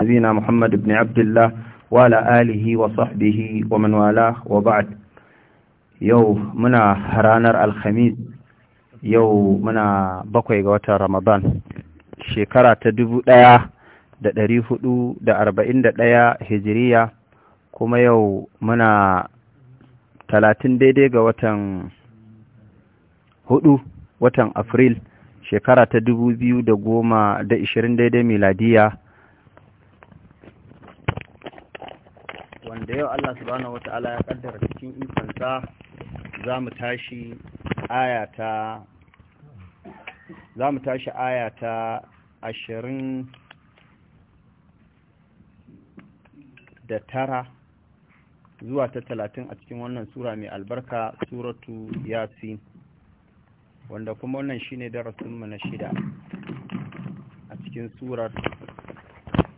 نبينا محمد بن عبد الله وعلى آله وصحبه ومن والاه وبعد يو منا هرانر الخميس يو منا بقوي غوتا رمضان شكرا تدبو دايا da ɗari hudu da arba'in da ɗaya hijiriya kuma yau muna talatin daidai ga watan hudu watan afril shekara ta dubu biyu da goma da ishirin daidai miladiya da yau Allah subhanahu wata'ala ya kaddara cikin ikonsa za mu tashi ayata za mu tashi ayata ashirin da tara zuwa ta talatin a cikin wannan sura mai albarka suratu yasin wanda kuma wannan shine darasinmu na shida a cikin surar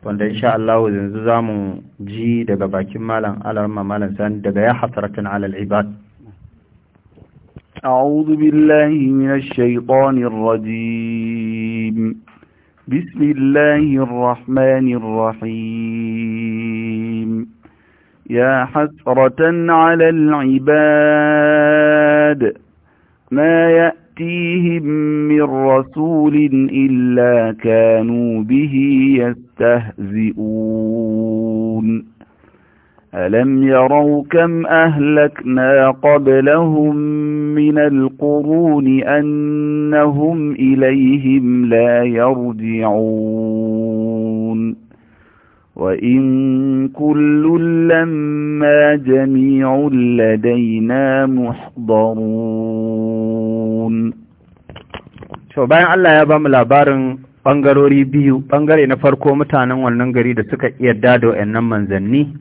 wanda insha Allah yanzu zamu ji daga bakin malam alarma malam san daga ya hasratan al ibad أعوذ بالله من الشيطان الرجيم بسم الله الرحمن الرحيم يا حسرة على العباد ما يأتي يأتيهم من رسول إلا كانوا به يستهزئون ألم يروا كم أهلكنا قبلهم من القرون أنهم إليهم لا يرجعون وإن كل لما جميع لدينا محضرون to bayan Allah ya bamu labarin bangarori biyu bangare na farko mutanen wannan gari da suka yarda da wayannan manzanni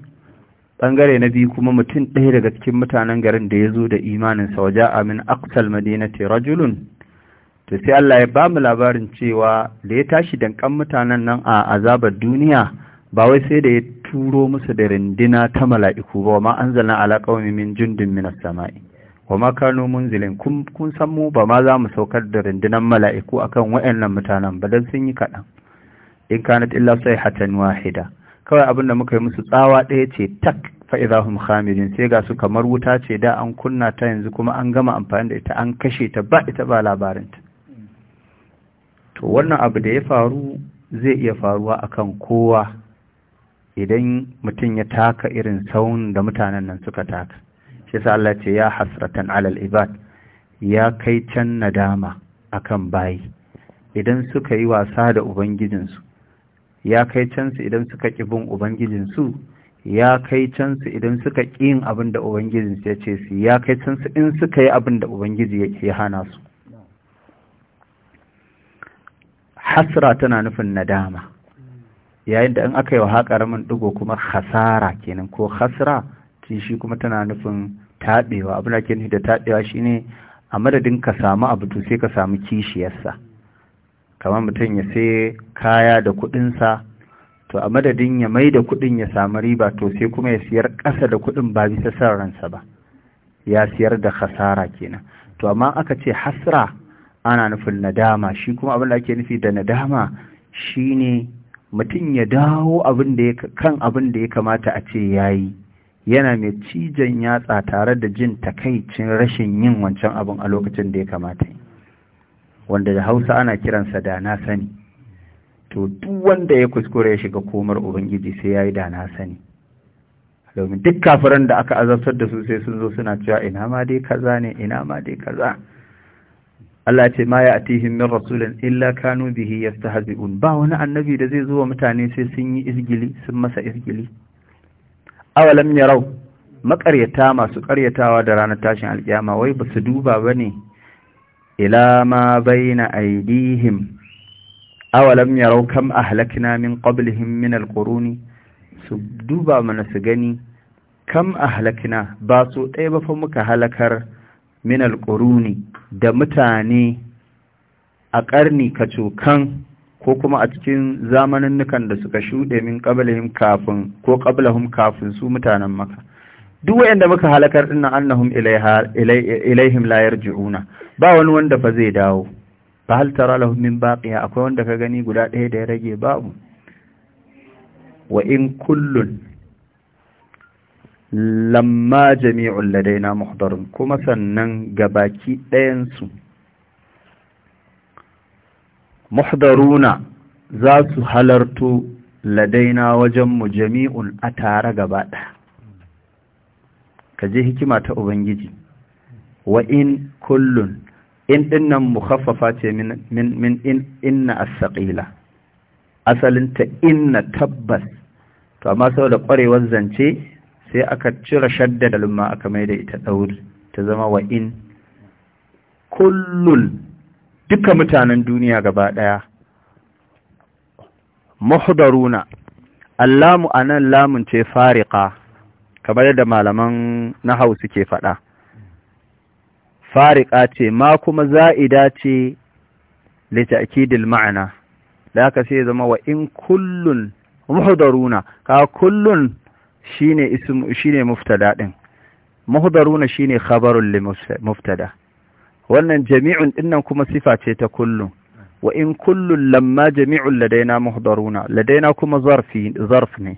bangare na biyu kuma mutum ɗaya daga cikin mutanen garin da ya zo da imanin sa waja amin aqsal madinati rajulun to sai Allah ya bamu labarin cewa da ya tashi dankan mutanen nan a azabar duniya ba wai sai da ya turo musu da rindina ta mala'iku ba ma an zana alaƙa wani min jundin minas sama'i wa ma kano munzilin kun kun san mu ba ma za mu saukar da rindinan mala'iku akan wayannan mutanen ba don sun yi kaɗan. in kana illa hatani wahida kawai abin da muka yi musu tsawa ɗaya ce tak fa'izahun hamirin sai ga su kamar wuta ce da an kunna ta yanzu kuma an gama amfani da ita an kashe ta ba ita ba labarinta to wannan abu da ya faru zai iya faruwa akan kowa idan mutum ya taka irin saun da mutanen nan suka taka shi sa Allah ce ya hasratan alal ibad ya kai can nadama akan bayi idan suka yi wasa da ubangijinsu ya kai can su idan suka ƙi bin ubangijinsu ya kai can su idan suka ƙi yin abin da ubangijinsu ya ce su ya kai can su in suka yi abin da ubangiji ya ke hana su hasra tana nufin nadama yayin da in aka yi wa haƙaramin ɗigo kuma hasara kenan ko hasra shi kuma tana nufin taɓewa abin da ke nufi da taɓewa shi ne a madadin ka samu abu to sai ka samu kishiyarsa kamar mutum ya sai kaya da kuɗinsa to a madadin ya mai da kuɗin ya samu riba to sai kuma ya siyar ƙasa da kuɗin ba bisa san ransa ba ya siyar da hasara kenan to amma aka ce hasra ana nufin nadama shi kuma abin da ake nufi da nadama shi ne. mutum ya dawo kan abin da ya kamata a ce ya yi yana mai cijan yatsa tare da jin takaicin rashin yin wancan abin a lokacin da ya kamata wanda da hausa ana kiransa da na sani to duk wanda ya kuskure ya shiga komar ubangiji sai ya yi da na sani domin duk kafiran da aka azabtar da su sai sun zo suna cewa ina ma dai kaza ne ina ma dai kaza Allah ce ma ya atihim min rasulin illa kanu bihi yastahzi'un ba wani annabi da zai zo wa mutane sai sun yi izgili sun masa izgili awalam yarau makaryata masu karyatawa da ranar tashin alkiyama wai basu duba bane ila ma baina aidihim awalam yarau kam ahlakna min qablihim min alquruni su duba mana su gani kam ahlakna ba su ɗaya ba fa muka halakar min alƙuruni da mutane a ƙarni kacokan ko kuma a cikin zamaninnukan da suka shuɗe min ƙabalahim kafin ko ƙabalahim kafin su mutanen maka duk da muka halakar dinna annahum ilaihim Layar ji'una ba wani wanda fa zai dawo ba hal tara lahum min akwai wanda ka gani guda ɗaya da ya rage babu wa in kullun lamma jami'un ladaina muhdarun kuma sannan gabaki ɗayansu muhdaruna za su halartu ladaina wajenmu jami'un a tare gaba ɗaya ka je hikima ta ubangiji wa in kullun in dinnan mukhaffafa ce min in inna as-saqila asalin ta inna tabbas to amma saboda kwarewar zance sai aka cire shadda da lumma aka mai da ita ɗaur ta zama wa in kullul duka mutanen duniya gaba ɗaya muhdaruna allamu nan lamun ce fariqa kamar yadda malaman nahau suke faɗa fariqa ce ma kuma za'ida ce li akidil ma'ana da aka sai zama wa in kullun muhdaruna ka kullun shine ism shine muftada din muhdaruna shine khabarun li muftada wannan jami'un dinnan kuma sifa ce ta kullu wa in kullun lamma jami'un ladaina muhdaruna ladaina kuma zarfi zarf ne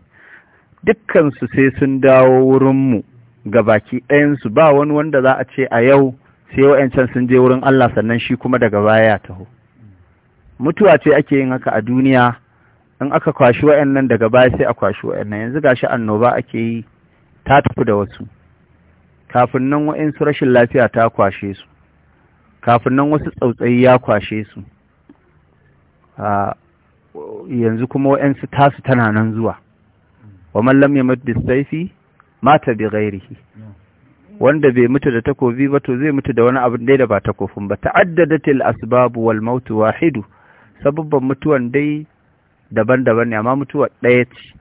dukkan su sai sun dawo wurin mu gabaki ɗayan su ba wani wanda za a ce a yau sai wa'yancan sun je wurin Allah sannan shi kuma daga baya ya taho mutuwa ce ake yin haka a duniya in aka kwashi wa'annan daga baya sai a kwashi wa'annan yanzu gashi annoba ake yi ta tafi da wasu kafin nan wa'insu rashin lafiya ta kwashe su kafin nan wasu tsautsayi ya kwashe su yanzu kuma wa'insu tasu tana nan zuwa wa mallam ya mutu saifi mata bi ghairihi wanda bai mutu da takobi ba to zai mutu da wani abu dai da ba takofin ba ta'addadatil asbab wal maut wahidu sababban mutuwan dai daban-daban ne amma mutuwa ɗaya ce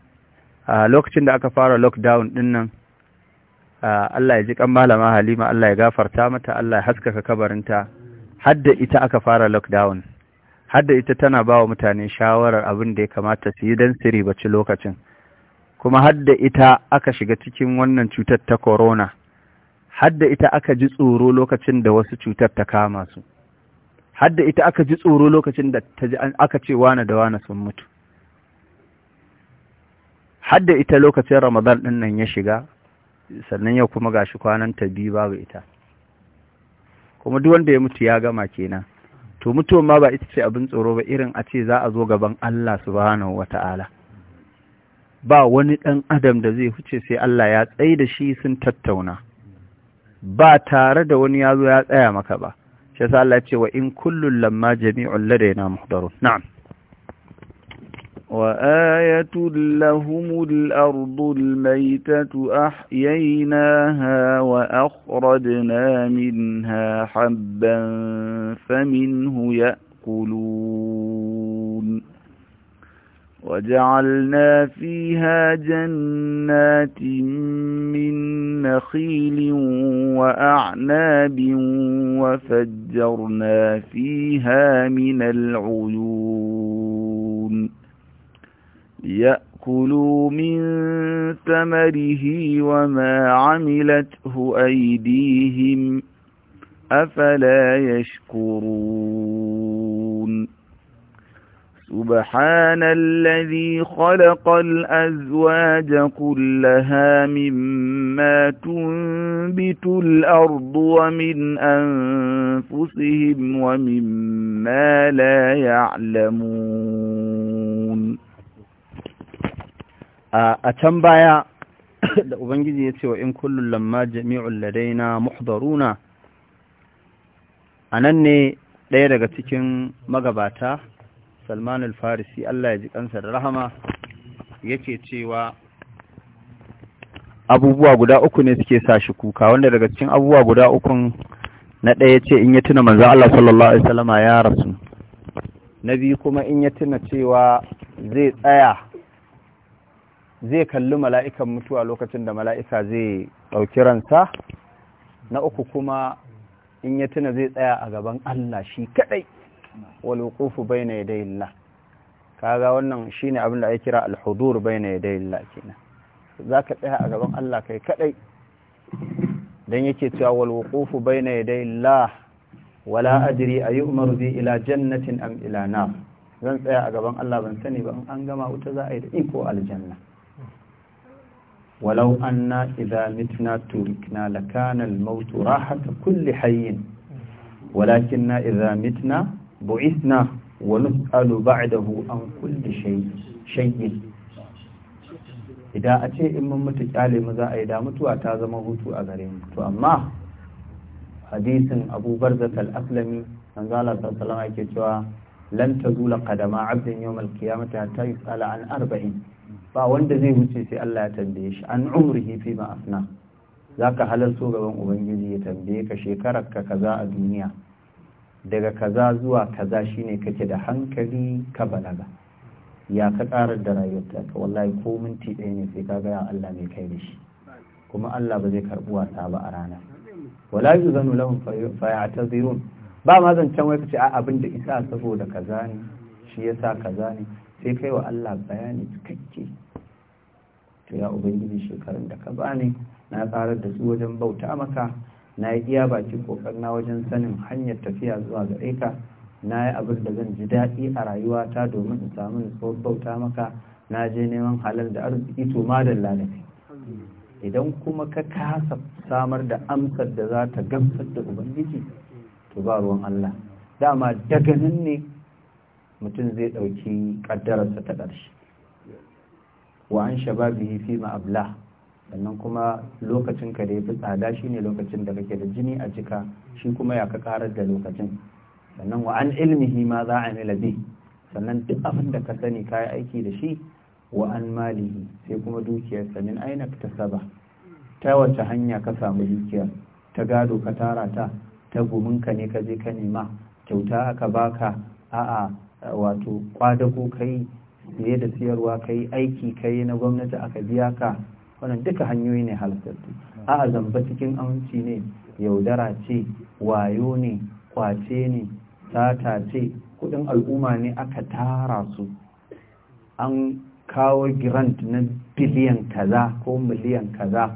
a lokacin da aka fara lockdown ɗin nan Allah ya ji kan malama Halima Allah ya gafarta mata Allah ya haskaka kabarinta hadda ita aka fara lockdown hadda ita tana ba wa mutane shawarar abin da ya kamata su yi don su ribaci lokacin kuma hadda ita aka shiga cikin wannan cutar ta corona hadda ita aka ji tsoro lokacin da wasu cutar ta kama su hadda ita aka ji tsoro lokacin da aka ce wane da wane sun mutu har da ita lokacin ramadan ɗin nan ya shiga sannan ya kuma gashi kwanan ta biyu babu ita kuma duk wanda ya mutu ya gama kenan to mutuwan ma ba ita ce abin tsoro ba irin a ce za a zo gaban Allah subhanahu wata'ala ba wani ɗan adam da zai huce sai Allah ya tsaye da shi sun tattauna ba tare da wani ya zo ya tsaya maka ba shi Allah ya ce wa in kullun lamma jami'un ladaina muhdarun na'am وآية لهم الأرض الميتة أحييناها وأخرجنا منها حبا فمنه يأكلون وجعلنا فيها جنات من نخيل وأعناب وفجرنا فيها من العيون ليأكلوا من ثمره وما عملته أيديهم أفلا يشكرون سبحان الذي خلق الأزواج كلها مما تنبت الأرض ومن أنفسهم ومما لا يعلمون a can baya da ubangiji ya ce wa in kullum lamma jami'ul ladaina muhdaruna anan ne ɗaya daga cikin magabata Salman al-Farisi Allah ya ji kansa da rahama yake cewa abubuwa guda uku ne suke sa shi kuka wanda daga cikin abubuwa guda ukun na ɗaya ce in ya tuna manzo Allah sallallahu alaihi wasallama ya rasu na biyu kuma in ya tuna cewa zai tsaya zai kalli mala'ikan mutuwa lokacin da mala'ika zai ɗauki ransa na uku kuma in ya tuna zai tsaya a gaban Allah shi kaɗai ƙufu bai na yadda illa kaga wannan shi ne abin da ya kira alhudur bai na yadda illa kenan za ka tsaya a gaban Allah kai kaɗai don yake cewa ƙufu bai na yadda illa wala adiri a yi umaru zai ila jannatin am ila na zan tsaya a gaban Allah ban sani ba in an gama wuta za a yi da iko aljanna ولو أننا إذا متنا تركنا لكان الموت راحة كل حي ولكننا إذا متنا بعثنا ونسأل بعده عن كل شيء شيء idan a ce in mun mutu kyale mu za a yi da mutuwa ta zama hutu a gare mu to amma hadisin Abu da al-Aslami manzo Allah sallallahu yake cewa lan tazula qadama 'abdin yawm al-qiyamati hatta yus'ala an arba'in ba wanda zai wuce sai Allah ya tambaye shi an umrihi fi ma afna zaka halarto gaban ubangiji ya tambaye ka shekarar ka kaza a duniya daga kaza zuwa kaza shine kake da hankali ka balaga ya ka karar da rayuwarka wallahi ko minti ɗaya ne sai ka ga Allah mai kai da shi kuma Allah ba zai karɓi wasa ba a rana wala yuzanu lahum fa ya'tazirun ba ma zancen wai kace a abin da isa saboda kaza ne shi yasa kaza ne sai kai wa Allah bayani cikakke to ya ubangiji shekarun da ka bani na tsarar da su wajen bauta maka na yi iya baki na wajen sanin hanyar tafiya zuwa ga ka na yi abin da zan ji daɗi a rayuwata domin in samu nutsuwar bauta maka na je neman halar da arziki to ma da lalace idan kuma ka kasa samar da amsar da za ta gamsar da ubangiji to ba ruwan Allah dama daga nan ne mutum zai ɗauki ƙaddararsa ta ƙarshe wa an shababihi fi ma'abla sannan kuma lokacin ka da ya fi tsada ne lokacin da kake da jini a jika shi kuma ya ka karar da lokacin sannan wa an ilmihi ma za a mila bi sannan duk abin da ka sani ka yi aiki da shi wa an malihi sai kuma dukiyar min aina ta saba ta wace hanya ka samu dukiyar ta gado ka tara ta ta gumin ka ne ka je ka nema kyauta aka baka a'a wato kwadago kai siye da siyarwa kai aiki kai na gwamnati aka biya ka wannan duka hanyoyi ne halittattu a zamba cikin aminci ne yaudara ce wayo ne kwace ne sata ce kudin al'umma ne aka tara su an kawo grant na biliyan kaza ko miliyan kaza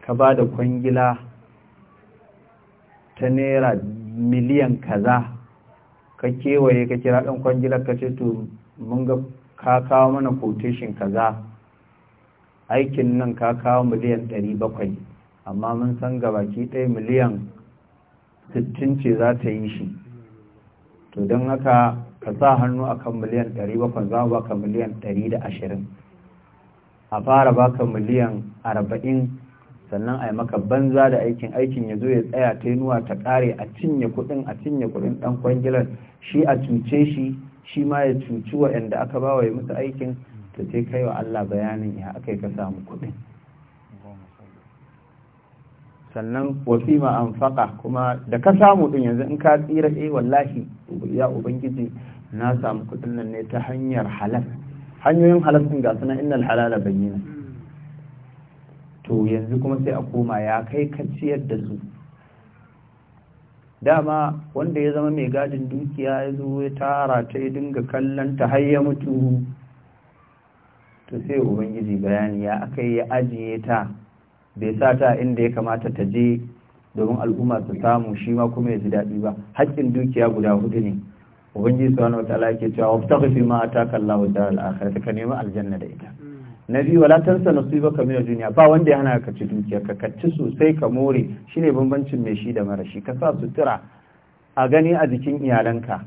ka ba da kwangila ta naira miliyan kaza ka kewaye ka kira ɗan kwangilar ka ce to mun ga ka kawo mana quotation kaza aikin nan ka kawo miliyan 700 amma mun san gabaki ɗaya miliyan 60 ce za ta yi shi to don haka ka sa hannu akan miliyan 700 za baka miliyan ashirin a fara baka miliyan arba'in. sannan a yi maka banza da aikin aikin ya zo ya tsaya ta yi nuwa ta kare a cinye kuɗin a cinye kuɗin dan kwangilar shi a cuce shi shi ma ya cuci wa yadda aka ba wa ya musu aikin ta ce kai wa Allah bayanin ya aka yi ka samu kuɗin sannan ma an faka kuma da ka samu din yanzu in ka tsira eh wallahi ya ubangiji na samu kuɗin nan ne ta hanyar halal hanyoyin halal sun ga suna innal halala bayyana to yanzu kuma sai a koma ya kai ka ciyar da su dama wanda ya zama mai gadin dukiya ya zo ya tara ta ya dinga kallon ta har ya mutu to sai ubangiji bayani ya aka yi ajiye ta bai sa ta inda ya kamata ta je domin al'umma su samu shi ma kuma ya ji daɗi ba haƙƙin dukiya guda hudu ne ubangiji su wata wata yake cewa wata fi ma kalla Allahu daral ta ka nema aljanna da ita na biyu wala tansa nasibaka min dunya ba wanda ya hana ka ci dukiya ka kacci sosai ka more shine bambancin mai shi da mara shi ka sa sutura a gani a jikin iyalanka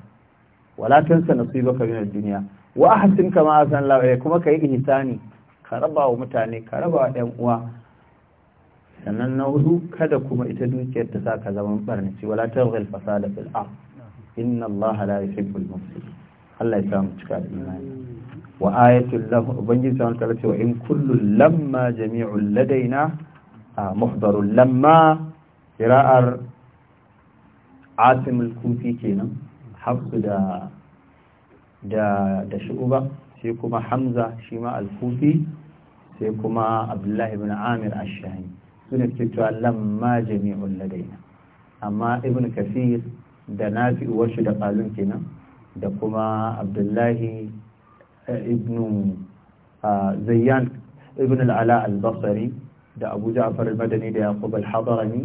wala tansa nasibaka min dunya wa ahsin kama la wa eh, kuma kai ihsani ka raba wa mutane ka raba wa ɗan uwa sannan na hudu kada kuma ita dukiyar ta sa ka zama barnaci wala targhil fasada fil ard inna allaha la yuhibbul mufsidin Allah ya samu cika da imani wa ayatul lahu ubangiji sai ta ce wa in kullu lamma jami'ul ladaina muhdarul lamma qira'ar asim al-kufi kenan hafsu da da da shu'ba sai kuma hamza shi ma al-kufi sai kuma abdullahi ibn amir ash-shahini sune ke lamma jami'ul ladaina amma ibn kasir da uwar shi da qalun kenan da kuma abdullahi ibn uh, zayyan ibn al'ala al da abu ja'far al-madani da yaqub al-hadarani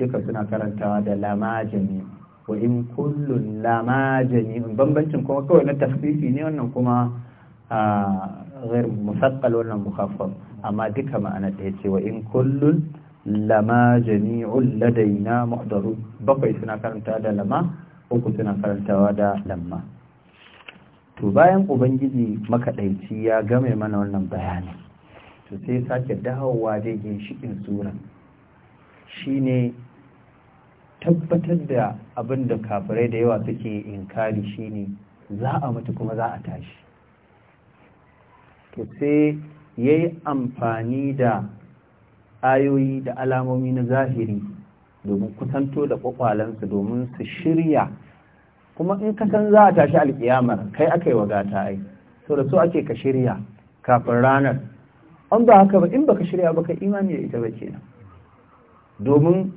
duka suna karantawa da lamajami wa in kullun lamajami bambancin kuma kawai na tafsiri ne wannan kuma غير مثقل ولا مخفف أما ديك ما أنا تهتي وإن كل لما جميع لدينا محضر بقي سنة كانت هذا لما وكنت سنة كانت هذا to bayan ubangiji makaɗaici ya game mana wannan bayani to sai sake dawowa dai ginshiƙin sura shine tabbatar da abin da kafirai da yawa suke inkari shine za a mutu kuma za a tashi to sai ya yi amfani da ayoyi da alamomi na zahiri domin kusanto da kwakwalensu domin su shirya kuma in ka san za a tashi alkiyamar kai aka yi wa gata ai to da so ake ka shirya kafin ranar an ba haka ba in baka shirya baka imani da ita ba kenan domin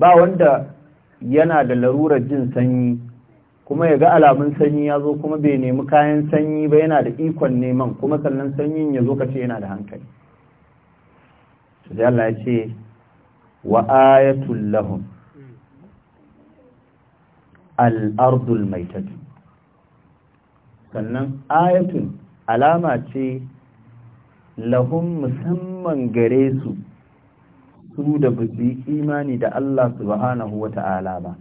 ba wanda yana da larurar jin sanyi kuma ya ga alamun sanyi ya zo kuma bai nemi kayan sanyi ba yana da ikon neman kuma sannan sanyin ya zo kace yana da hankali sai Allah ya ce wa ayatul lahum al'ardul maitatu sannan ayatun alama ce lahun musamman gare su su da ba imani da Allah subhanahu wa ta'ala ba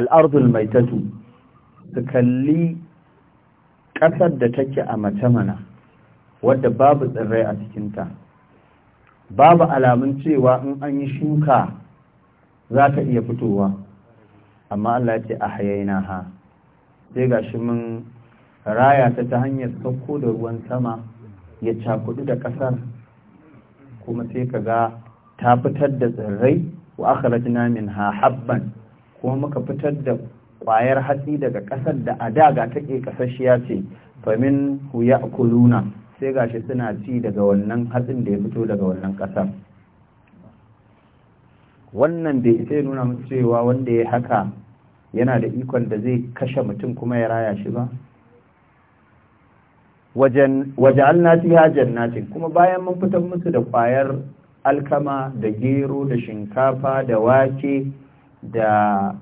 al'ardul maitatu su kalli ƙasar da take a mace mana wadda babu tsirrai a cikinta babu alamun cewa in an yi shuka za ta iya fitowa amma Allah ce a hayaina ha sai ga shi mun raya ta ta hanyar sauko da ruwan sama ya cakudu da kasar kuma sai ka ga ta fitar da tsirrai wa akhrajna minha habban kuma muka fitar da kwayar hatsi daga ƙasar da a daga take ƙasashiya ce famin hu ya'kuluna sai gashi suna ci daga wannan hatsin da ya fito daga wannan ƙasar wannan bai sai nuna mutu cewa wanda ya haka yana da ikon da zai kashe mutum kuma ya raya shi ba waje waje'alna hajjar nati kuma bayan mun fitar musu da kwayar alkama da gero da shinkafa da wake da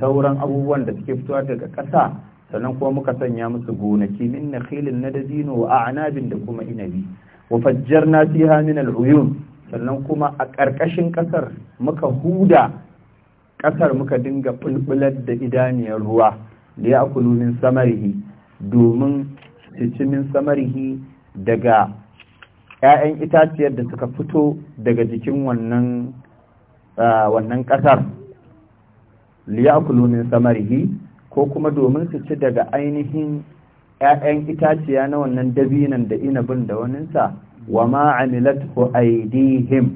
sauran abubuwan da suke fitowa daga ƙasa sannan kuma muka sanya musu gonaki min na nadazino wa a'nabin da kuma inabi wa fajjarna fiha min al'uyun sannan kuma a ƙarƙashin ƙasar muka huda ƙasar muka dinga bulbular da idaniyar ruwa da ya akulu min samarihi domin su min samarihi daga 'ya'yan itaciyar da suka fito daga jikin wannan wannan ƙasar liyakulunin samarihi ko kuma domin su ci daga ainihin ‘ya'yan itaciya na wannan dabinan da inabin da waninsa wa ma amilatu aidihim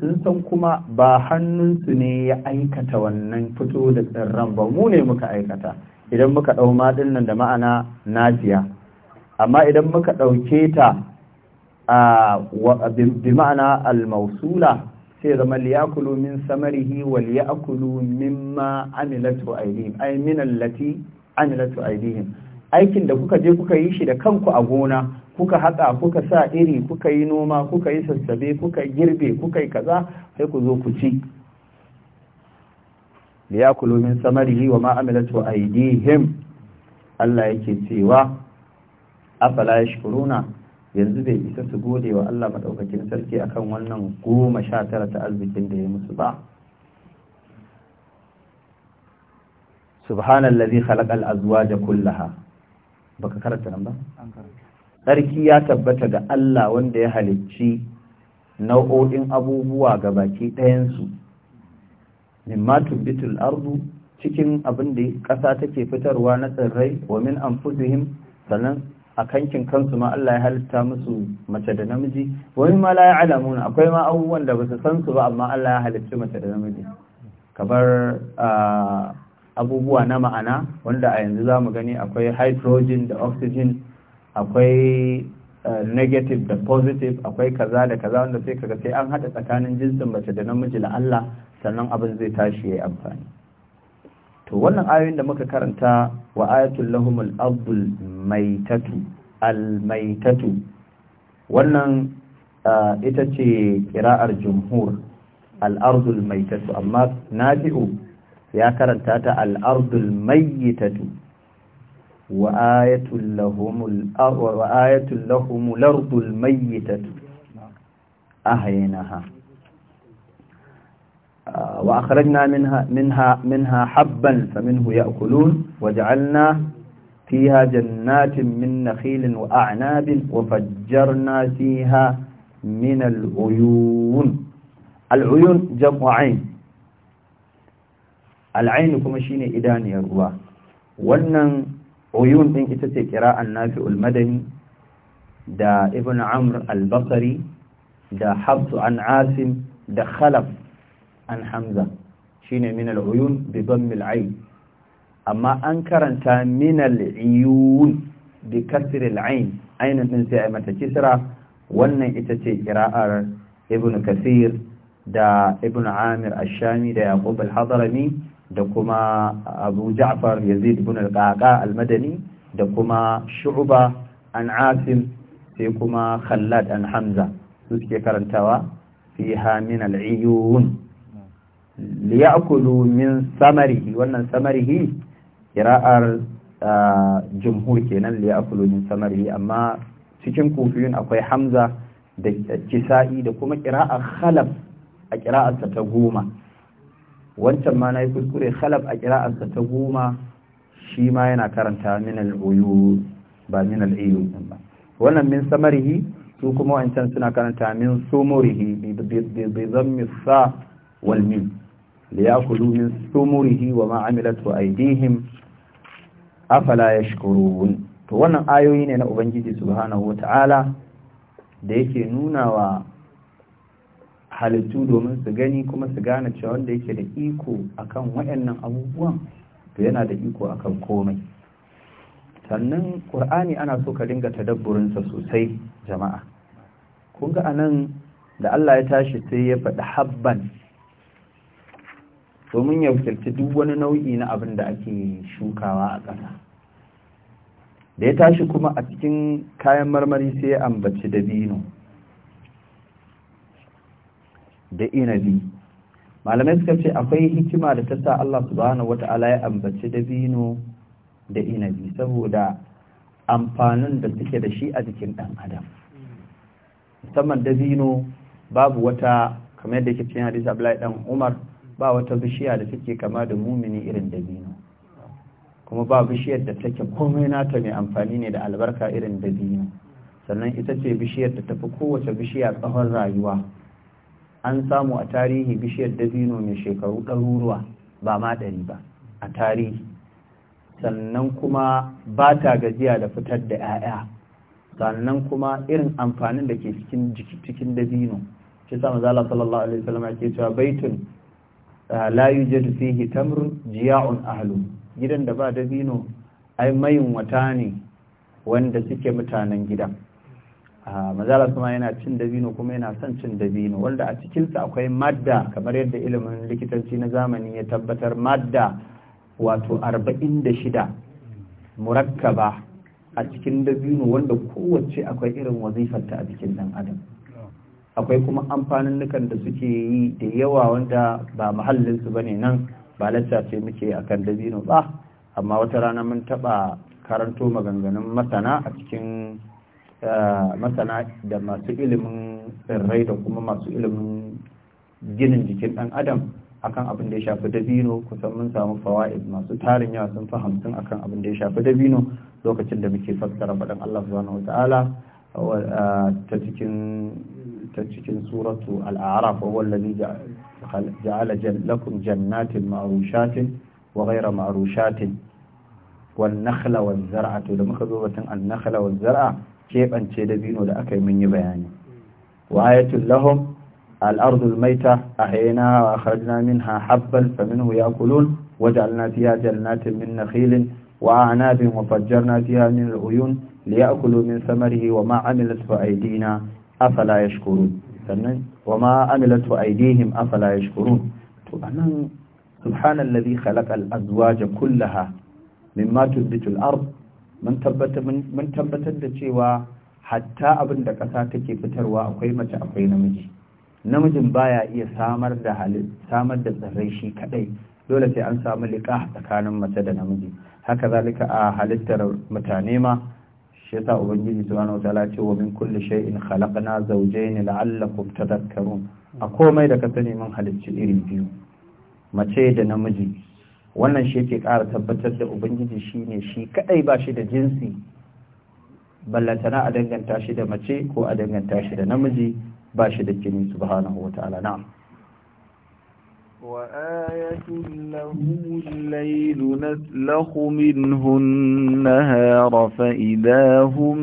sun san kuma ba hannunsu ne ya aikata wannan fito da tsirran ba mu ne muka aikata idan muka ɗau maɗin nan da ma'ana nafiya amma idan muka ɗauke ta bi ma'ana almausula sai zama liyakulu min samarihi wa liyakulu mimma amilatu aidihim ay min allati amilatu aidihim aikin da kuka je kuka yi shi da kanku a gona kuka haɗa, kuka sa iri kuka yi noma kuka yi sassabe kuka girbe kuka yi kaza sai ku zo ku ci ya kulu min samarihi wa ma'amilatu aidihim Allah yake cewa afala yashkuruna yanzu bai isa su gode wa Allah madaukakin sarki akan wannan goma sha tara ta arzikin da ya musu ba subhanallazi khalaqal azwaja kullaha baka karanta nan ba an karanta tsarki ya tabbata ga Allah wanda ya halicci nau'o'in abubuwa ga baki ɗayansu mimma tubbitul ardu cikin abin da ƙasa take fitarwa na tsirrai wa min anfusihim sannan a kankin kansu ma Allah ya halitta musu mace da namiji wa min ma la alamuna akwai ma abubuwan da ba su san su ba amma Allah ya halicci mace da namiji kamar abubuwa na ma'ana wanda a yanzu za mu gani akwai hydrogen da oxygen akwai eh, negative da positive akwai kaza da kaza wanda sai kaga sai an hada tsakanin jinsin mace da namiji la Allah sannan abin zai tashi yayi amfani to wannan ayoyin da muka karanta wa ayatul lahumul abdul maitatu al maitatu wannan eh, ita ce kira'ar jumhur al ardul maitatu amma nafi'u ya karanta ta al ardul maitatu وآية لهم الأرض وآية لهم الأرض الميتة أهينها آه، وأخرجنا منها منها منها حبا فمنه يأكلون وجعلنا فيها جنات من نخيل وأعناب وفجرنا فيها من العيون العيون جمع عين العين كما شيني إداني الروا uyun din ita ce kira'an nafi'ul madani da ibn amr al da habsu an asim da khalaf an hamza shine minal al-uyun bi amma an karanta minal al bi kasr al-ayn aynan din sai mata kisra wannan ita ce kira'ar ibn kasir da ibn amir ash da yaqub al-hadrami da kuma abu ja'far yazid ibn al-qaqa al-madani da kuma shu'ba an asim sai kuma khallad an hamza su suke karantawa ha min al-iyun ya'kulu min samarihi wannan samarihi qira'ar jumhur kenan ya'kulu min samarihi amma cikin kufiyun akwai hamza da kisa'i da kuma qira'ar khalaf a qira'arsa ta goma wancan ma na yi kuskure khalaf a kira'arsa ta goma shi ma yana karanta min al'uyu ba min al'iyu ba wannan min samarihi su kuma wancan suna karanta min sumurihi zan zammi sa wal min kulu min somorihi wa ma amilatu aydihim afala yashkurun to wannan ayoyi ne na ubangiji subhanahu ta'ala da yake nuna wa halittu domin su gani kuma su gane cewa wanda yake da iko akan waɗannan abubuwan to yana da iko akan komai sannan ƙur'ani ana so ka dinga tadabburinsa sosai jama'a kun ga anan da Allah ya tashi sai ya faɗi habban domin ya wakilci duk wani nau'i na abin da ake shukawa a ƙasa da ya tashi kuma a cikin kayan marmari sai ya ambaci dabino da inabi malamai suka ce akwai hikima da ta sa Allah subhanahu wata'ala ya ambaci dabino da inabi saboda amfanin da suke da shi a jikin dan adam musamman dabino babu wata kamar yadda yake cikin hadisi Abdullahi dan Umar ba wata bishiya da take kama da mumini irin dabino kuma ba bishiyar da take komai nata mai amfani ne da albarka irin dabino sannan ita ce bishiyar da tafi kowace bishiya tsawon rayuwa an samu a tarihi bishiyar dabino mai shekaru ɗaruruwa ba ma ɗari ba a tarihi sannan kuma ba ta gajiya da fitar da 'ya'ya sannan kuma irin amfanin da ke cikin cikin dabino shi sa mazala sallallahu alaihi wasallam ake cewa baitun la yujadu fihi tamrun jiya'un ahlu gidan da ba dabino ai mayin wata ne wanda suke mutanen gidan a ah, mazala kuma yana cin dabino kuma yana son cin dabino wanda a cikinsa akwai madda kamar yadda ilimin likitanci na zamani ya tabbatar madda wato 46 murakkaba a cikin dabino wanda kowace akwai irin wazifarta a jikin dan adam akwai kuma amfanin nukan da suke yi da yawa wanda ba mahallinsu ba ne nan ba lacca ce muke kan dabino ba amma wata rana mun taɓa karanto maganganun masana a cikin masana da masu ilimin tsirrai da kuma masu ilimin ginin jikin ɗan adam akan abin da ya shafi dabino kusan mun samu fawa'id masu tarin yawa sun fi hamsin akan abin da ya shafi dabino lokacin da muke fassara faɗin Allah subhanahu wata'ala ta cikin ta cikin suratu al'araf wa wallazi ja'ala lakum jannatin ma'rushatin wa ghayra ma'rushatin wan nakhla waz zar'a to da muka zo batun an nakhla waz zar'a keɓance dabino da aka yi mun yi bayani wa ayatul lahum al'ardul maita a haina wa akhrajna min ha habbal fa minhu yakulun wa ja'alna fiha jannatin min nakhilin wa anabin wa fajjarna fiha min al'uyun li ya'kulu min samarihi wa ma amilat fi aydina afala yashkurun sannan wa ma amilat fi aydihim afala yashkurun to anan subhanallazi khalaqa al-azwaja kullaha mimma tudbitu al-ard mun tabbatar da cewa hatta abin da ƙasa take fitarwa akwai mace akwai namiji namijin baya iya samar da samar da tsirrai shi kadai dole sai an samu liƙa tsakanin mace da namiji haka zalika a halittar mutane ma shi yasa ubangiji subhanahu wataala ce wa min kulli shay'in khalaqna zawjayn la'allakum tadhakkarun a komai da ka sani mun halicci iri biyu mace da namiji wannan shi yake ƙara tabbatar da ubangiji shine shi kadai ba shi da jinsi ballantana a danganta shi da mace ko a danganta shi da namiji ba shi da jini subhanahu wataala na'am وآية له الليل نسلخ منه النهار فإذا هم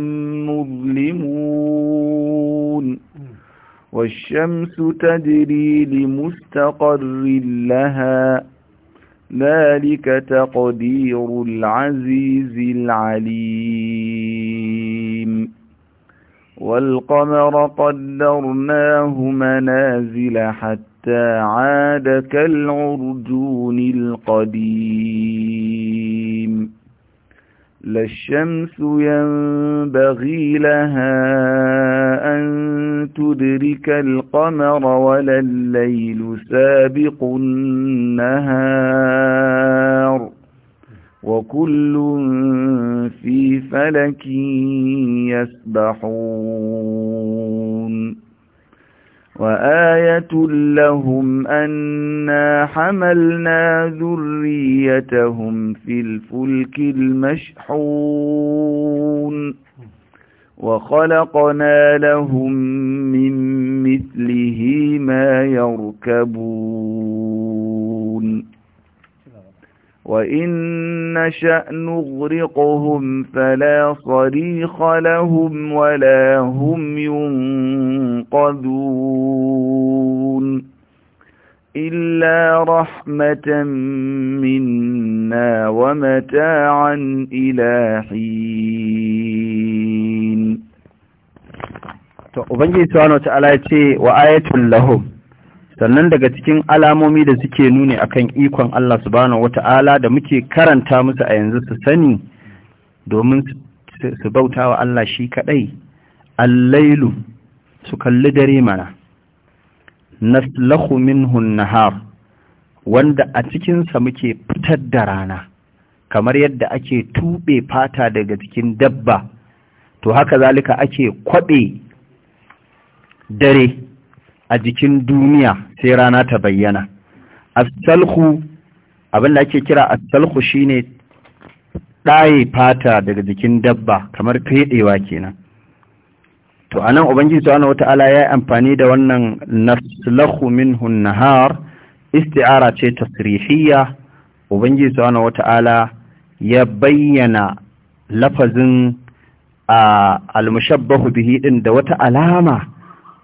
مظلمون والشمس تجري لمستقر لها ذلك تقدير العزيز العليم والقمر قدرناه منازل حتى عاد كالعرجون القديم لا الشمس ينبغي لها أن تدرك القمر ولا الليل سابق النهار وكل في فلك يسبحون وآية لهم أنا حملنا ذريتهم في الفلك المشحون وخلقنا لهم من مثله ما يركبون وإن نشأ نغرقهم فلا صريخ لهم ولا هم ينقذون إلا رحمة منا ومتاعا إلى حين وبنجي سبحانه وتعالى وآية لهم sannan daga cikin alamomi da suke nuni akan ikon Allah subhanahu wata'ala da muke karanta musu a yanzu su sani domin su bauta wa Allah shi kaɗai, allailu su kalli dare mana naslahu minhu nahar wanda a cikinsa muke fitar da rana kamar yadda ake tube fata daga cikin dabba to haka zalika ake kwaɓe dare a jikin duniya sai rana ta bayyana asalhu abin da ake kira asalhu ne ɗaye fata daga jikin dabba kamar feɗewa kenan to a nan, ubangiji subhanahu wata'ala ya yi amfani da wannan naslahu min hunnahar, isti'ara ce tasrihiyya ubangiji subhanahu wata'ala ya bayyana lafazin a almushabba bihi ɗin da wata alama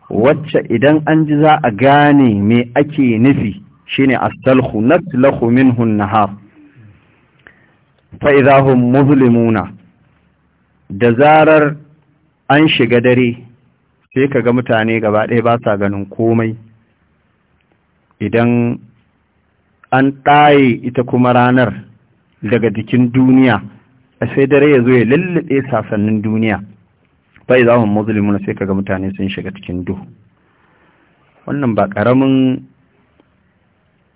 wacce idan an ji za a gane me ake nufi shine a salhu na minhu an-nahar fa idza hum da zarar an shiga dare sai ka ga mutane gaba ɗaya ba sa ganin komai idan an ɗaye ita kuma ranar daga jikin duniya sai dare ya zo ya lullube sasannin duniya bai za mu na sai kaga mutane sun shiga cikin duhu wannan ba karamin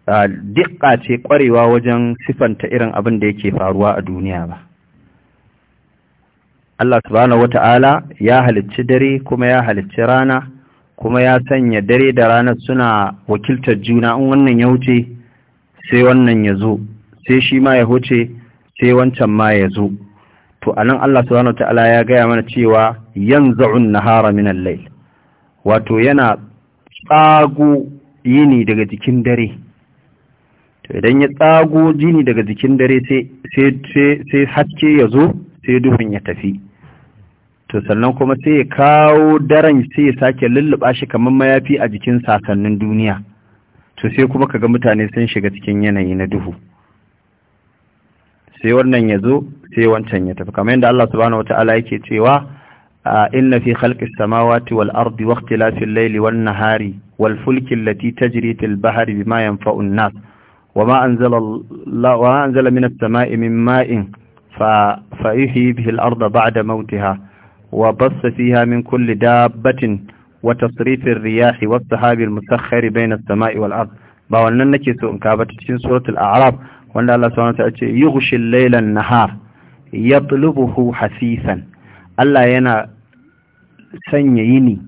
ah, dikka ce kwarewa wajen sifanta irin abin da yake faruwa a duniya ba Allah subhanahu wata'ala ya halicci dare kuma ya halicci rana kuma ya sanya dare da rana suna wakiltar juna in wannan ya wuce sai wannan ya zo sai shi ma ya huce sai wancan ma ya zo to anan Allah subhanahu wata'ala ya gaya mana cewa yanza'un nahara min al-layl wato yana tsago yini daga jikin dare to idan ya tsago jini daga jikin dare sai sai sai haske ya zo sai duhun ya tafi to sannan kuma sai ya kawo daren sai ya sake lulluɓa shi kamar mayafi a jikin sakannin duniya to sai kuma kaga mutane sun shiga cikin yanayi na duhu sai wannan ya sai wancan ya tafi kamar yadda Allah subhanahu wata'ala yake cewa آه، إن في خلق السماوات والأرض واختلاف الليل والنهار والفلك التي تجري في البحر بما ينفع الناس وما أنزل, الله وما أنزل من السماء من ماء فيحيي به الأرض بعد موتها وبص فيها من كل دابة وتصريف الرياح والسحاب المسخر بين السماء والأرض ba wannan nake so in ka ba cikin suratul a'raf wanda Allah subhanahu wa ta'ala Allah yana sanya yini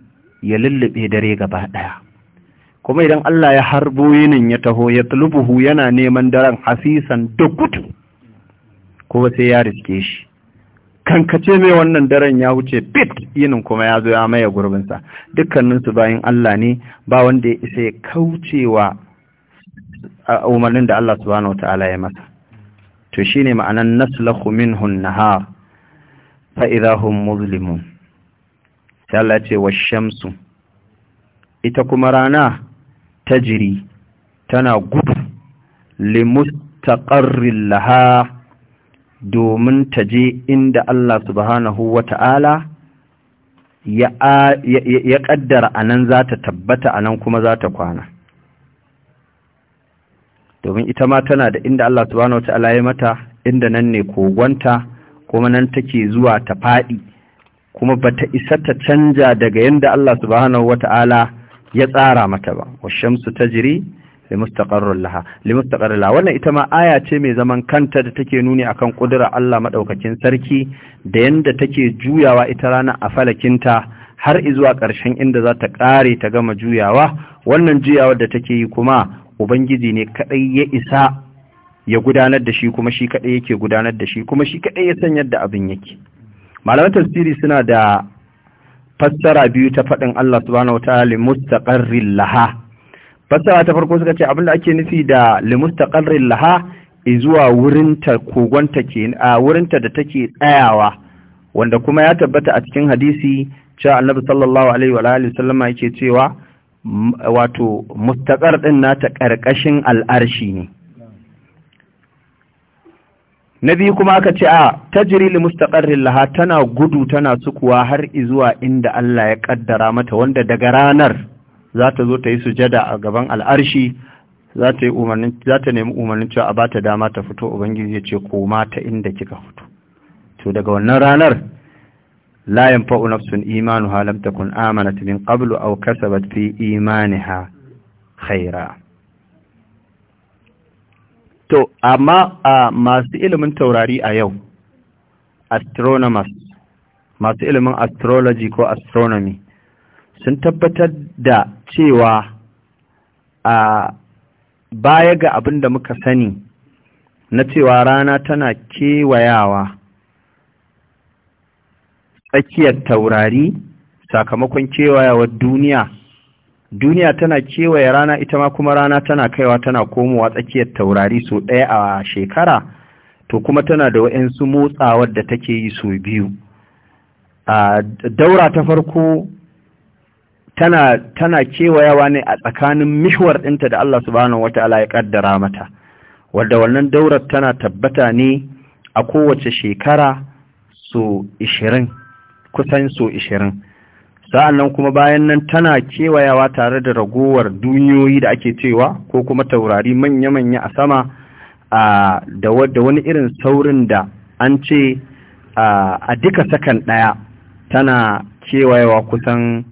ya lullube dare gaba ɗaya kuma idan Allah ya harbo yinin ya taho ya tulubuhu yana neman daren hasisan da gudu kuma sai ya riske shi kankace mai wannan daren ya wuce bit yinin kuma ya zo ya maye gurbinsa dukkaninsu bayan Allah ne ba wanda ya isa ya kaucewa umarnin da Allah subhanahu wa ta'ala ya masa to shi ne ma'anan naslahu minhu nahar fa'iza hun muslimun Allah ce wa shamsu ita kuma rana ta jiri tana gudu limustaqarrin laha domin ta je inda Allah subhanahu wa ta'ala ya ƙaddara a nan za ta tabbata a nan kuma za ta kwana domin ita ma tana da inda Allah subhanahu wa ta'ala ya mata inda nan ne kogonta kuma nan take zuwa ta faɗi kuma ba ta isa ta canja daga yadda Allah subhanahu wata'ala ya tsara mata ba washamsu tajri li mustaqarril laha li mustaqarril laha wannan ita ma aya ce mai zaman kanta da take nuni akan kudura Allah madaukakin sarki da yanda take juyawa ita rana a falakinta har zuwa ƙarshen inda za ta ƙare ta gama juyawa wannan juyawar da take yi kuma ubangiji ne kadai ya isa ya gudanar da shi kuma shi kaɗai yake gudanar da shi kuma shi kaɗai ya san yadda abin yake Malamar tafsiri suna da fassara biyu ta faɗin Allah subhanahu wataala limustaqarril laha fassara ta farko suka ce abin da ake nufi da limustaqarril laha zuwa wurinta da take tsayawa wanda kuma ya tabbata a cikin hadisi cewa Annabi sallallahu alaihi wa alihi sallama yake cewa wato mustaqar din nata karkashin al'arshi ne na biyu kuma aka ce a tajiri li mustaqarrin laha tana gudu tana sukuwa har zuwa inda Allah ya kaddara mata wanda daga ranar za ta zo ta yi sujada a gaban al'arshi za ta yi umarnin za ta nemi umarnin cewa a bata dama ta fito ubangiji ya ce koma ta inda kika fito to daga wannan ranar la yanfa'u nafsun imanu halam takun amanat min qablu aw kasabat fi imaniha khaira to amma a masu ilimin taurari a yau astronomers masu ilimin astrology ko astronomy sun tabbatar da cewa a baya ga abin da muka sani na cewa rana tana kewayawa tsakiyar taurari sakamakon kewayawar duniya duniya tana kewaye rana ita ma kuma rana tana kaiwa tana komowa tsakiyar taurari sau ɗaya a shekara to kuma tana da wa'yansu motsa da take yi sau biyu a daura ta farko tana tana kewayawa ne a tsakanin mihwar ɗinta da Allah subhanahu wata ya kaddara mata wadda wannan daurar tana tabbata ne a kowace shekara so ishirin, kusan so ishirin. nan kuma bayan nan tana kewayawa tare da ragowar duniyoyi da ake cewa ko kuma taurari manya-manya a sama da wani irin saurin da an ce a duka sakan ɗaya tana kewayawa kusan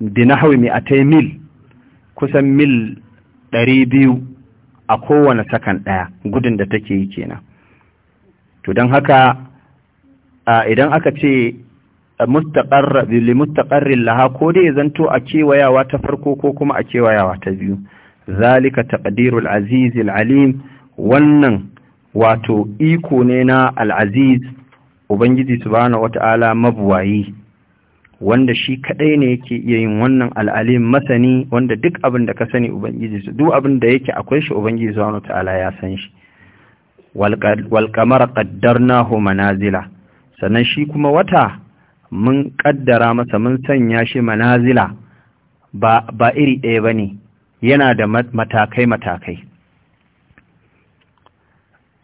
dinahawi mai atai mil kusan mil ɗari biyu a kowane sakan ɗaya gudun da take yi kenan to don haka idan aka ce limustaqarrin laha ko dai zanto a kewayawa ta farko ko kuma a kewayawa ta biyu zalika taqdirul aziz alim wannan wato iko ne na al-aziz ubangiji subhanahu wata'ala mabwayi wanda shi kadai ne yake iya yin wannan al'alim masani wanda duk abin da ka sani ubangiji su, duk abin da yake akwai shi ubangiji subhanahu wata'ala ya san shi wal qamara qaddarnahu manazila sannan shi kuma wata mun ƙaddara masa mun sanya shi manazila ba, ba iri ɗaya ba ne yana da matakai-matakai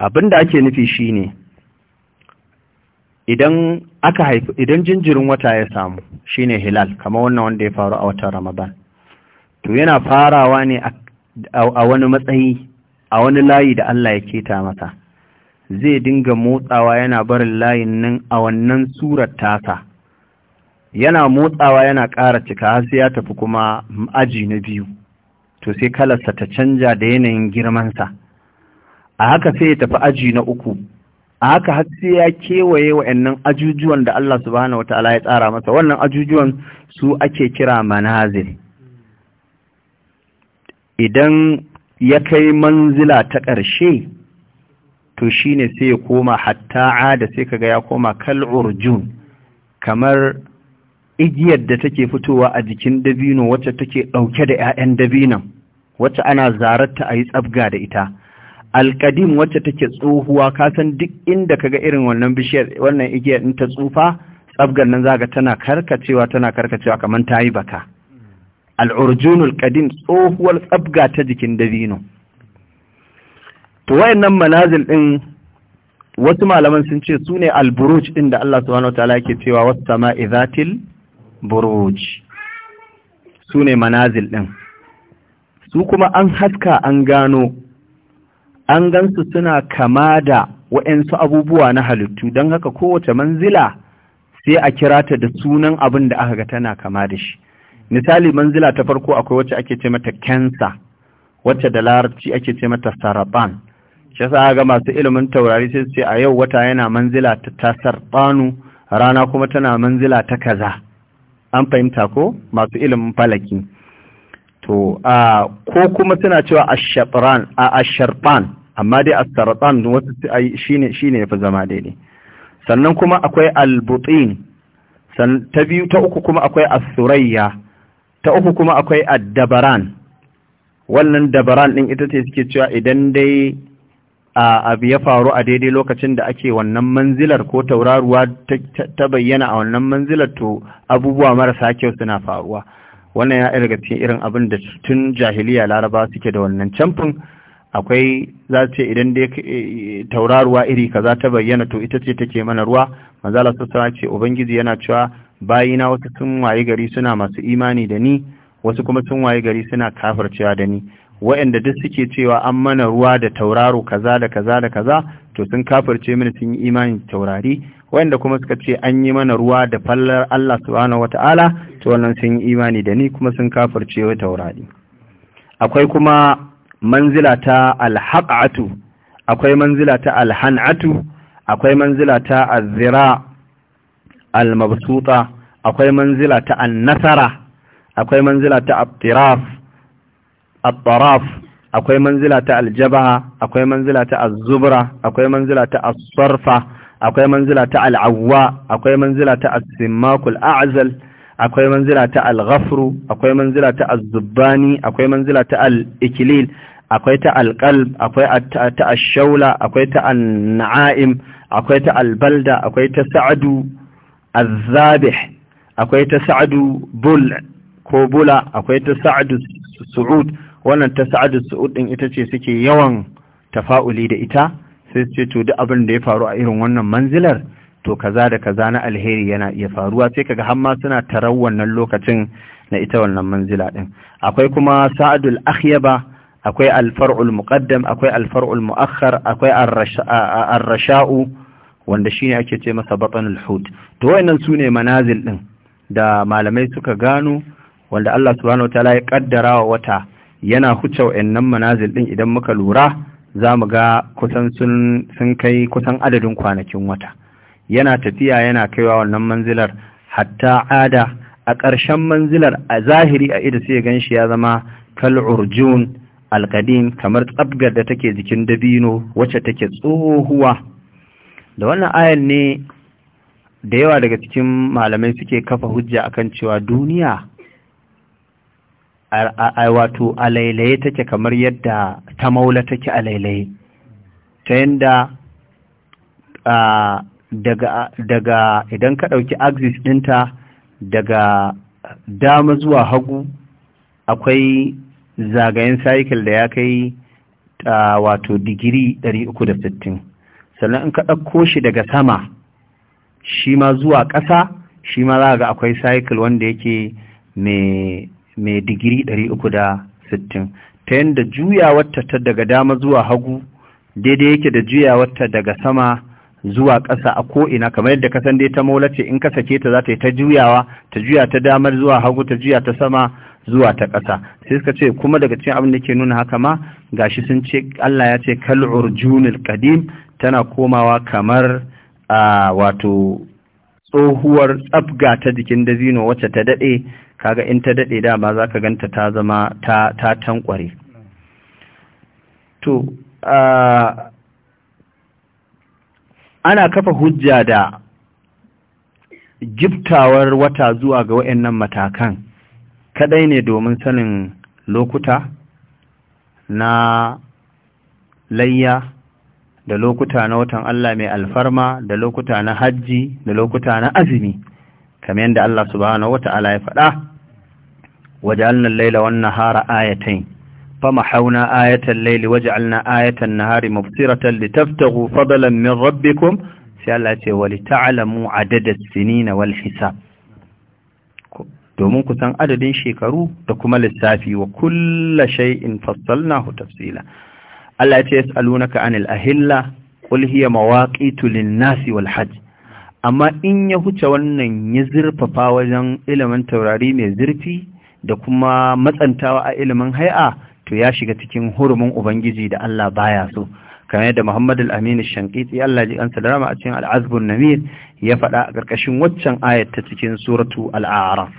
abin da ake nufi shi ne idan aka haifi idan jinjirin wata ya samu shine hilal kamar wannan wanda ya faru a watan ramadan to yana farawa ne a wani matsayi a wani layi da Allah ya keta masa zai dinga motsawa yana barin layin nan a wannan surar tasa yana motsawa yana ƙara cika har sai ya tafi kuma aji na biyu to sai kalarsa ta canja da yanayin girmansa a haka sai ya tafi aji na uku a haka har sai ya kewaye wa'annan ajujuwan da Allah subhanahu wataala ya tsara masa wannan ajujuwan su ake kira manazil idan ya kai manzila ta ƙarshe to shine sai ya koma hatta ada sai kaga ya koma kal'urjun kamar igiyar da take fitowa a jikin dabino wacce take ɗauke da 'ya'yan dabinon wacce ana zararta a yi tsabga da ita alƙadim wacce take tsohuwa kasan duk inda ka ga irin wannan bishiyar wannan igiyar in ta tsufa tsabgar nan zaga tana karkacewa tana karkacewa kamar ta yi baka al'urjunul qadim tsohuwar tsabga ta jikin dabino to wayannan manazil din wasu malaman sun ce su ne alburuj din da Allah subhanahu wataala yake cewa wasu sama'i zatil buruj su ne manazil ɗin su kuma an haska an gano an gansu suna kama da waɗansu abubuwa na halittu don haka kowace manzila sai a kira ta da sunan abin da aka ga tana kama da shi misali manzila ta farko akwai wacce ake ce mata kensa wacce da larabci ake ce mata saraban shi sa ga masu ilimin taurari sai su ce a yau wata yana manzila ta tasarbanu rana kuma tana manzila ta kaza an fahimta ko masu ilimin falaki to a ko kuma suna cewa asharban a asharban amma dai asharban wasu shine shine yafi zama daidai sannan kuma akwai albutin ta biyu ta uku kuma akwai asurayya ta uku kuma akwai addabaran wannan dabaran ɗin ita ce suke cewa idan dai a abu ya faru a daidai lokacin da ake wannan manzilar ko tauraruwa ta bayyana a wannan manzilar to abubuwa marasa kyau suna faruwa wannan ya daga cikin irin abin da tun jahiliya laraba suke da wannan camfin akwai za ce idan dai eh, tauraruwa iri ka za ta bayyana to ita ce take mana ruwa manzala sassa ce ubangiji yana cewa bayina wasu sun waye gari suna masu imani da ni wasu kuma sun waye gari suna kafircewa da ni Wa'inda duk suke cewa an mana ruwa da tauraro kaza da kaza da kaza to sun kafirce mini sun yi imanin taurari Wa'inda kuma suka ce an yi mana ruwa da fallar Allah subhanahu wata'ala to wannan sun yi imani da ni kuma sun kafirce wa taurari akwai kuma manzila ta alhaqatu akwai manzila ta alhanatu akwai manzila ta azzira almabsuta akwai manzila ta annasara akwai manzila ta abtiraf at akwai manzila ta aljabaha akwai manzila ta az akwai manzila ta as akwai manzila ta al-awwa akwai manzila ta as a'zal akwai manzila ta al-ghafru akwai manzila ta az akwai manzila ta al-ikilil akwai ta alƙalb akwai ta ashaula akwai ta anna'im akwai ta albalda akwai ta sa'adu azzabih akwai ta sa'adu bul ko akwai ta sa'adu su'ud wannan ta sa'adu su'ud din ita ce suke yawan tafa'uli da ita sai ce to duk abin da ya faru a irin wannan manzilar to kaza da kaza na alheri yana iya faruwa sai kaga har ma suna tarar wannan lokacin na ita wannan manzila din akwai kuma sa'adul akhyaba akwai alfar'ul muqaddam akwai alfar'ul muakhkhar akwai ar-rasha'u wanda shine ake ce masa batanul hud to wayannan sune manazil din da malamai suka gano wanda Allah subhanahu wataala ya kaddara wa wata yana huce wa'annan manazil ɗin idan muka lura za mu ga kusan sun kai kusan adadin kwanakin wata yana tafiya yana kaiwa wannan manzilar hatta ada a ƙarshen manzilar a zahiri a ido sai gan shi ya zama kal'urjun alƙadin kamar tsabgar da take jikin dabino wacce take tsohuwa da wannan ayan ne da yawa daga cikin malamai suke kafa hujja akan cewa duniya a wato a lailaye take kamar yadda ta maula take a lailaye ta yadda daga idan ka ɗauki axis ɗinta daga dama zuwa hagu akwai zagayen cycle da ya kai wato digiri 360 sannan in ka ɗauko shi daga sama shi ma zuwa ƙasa shi ma za ga akwai cycle wanda yake mai mai digiri 360 ta yadda juyawarta ta daga dama zuwa hagu daidai yake da juyawarta daga sama zuwa ƙasa a ko'ina kamar yadda kasan dai ta maula ce in ka sake ta za ta yi ta juyawa ta juya ta damar zuwa hagu ta juya ta sama zuwa ta ƙasa sai suka ce kuma daga cikin abin da ke nuna haka ma Ga shi sun ce Allah ya ce kal urjunil qadim tana komawa kamar a wato tsohuwar tsabga ta jikin dazino wacce ta dade kaga in ta daɗe dama za ka ganta ta zama ta tankware to ana kafa hujja da giftawar wata zuwa ga wa'annan matakan Kaɗai ne domin sanin lokuta na layya da lokuta na watan Allah mai alfarma da lokuta na hajji da lokuta na azumi kamar yadda Allah subhanahu ta'ala ya faɗa وجعلنا الليل والنهار آيتين فمحونا آية الليل وجعلنا آية النهار مبصرة لتبتغوا فضلا من ربكم سألة ولتعلموا عدد السنين والحساب domin ku san adadin shekaru da kuma lissafi wa kulla shay'in fassalnahu tafsila Allah ya ce yas'alunaka anil ahilla qul hiya mawaqitu lin-nasi wal hajj amma in ya huce wannan ya zurfafa wajen ilimin taurari mai zurfi da kuma matsantawa a ilimin hai'a to ya shiga cikin hurumin ubangiji da Allah baya so kamar yadda Muhammad al-Amin al-Shanqiti Allah ji kansa da rama a cikin al-Azb an-Namir ya faɗa a ƙarƙashin waccan ayat ta cikin suratu al-A'raf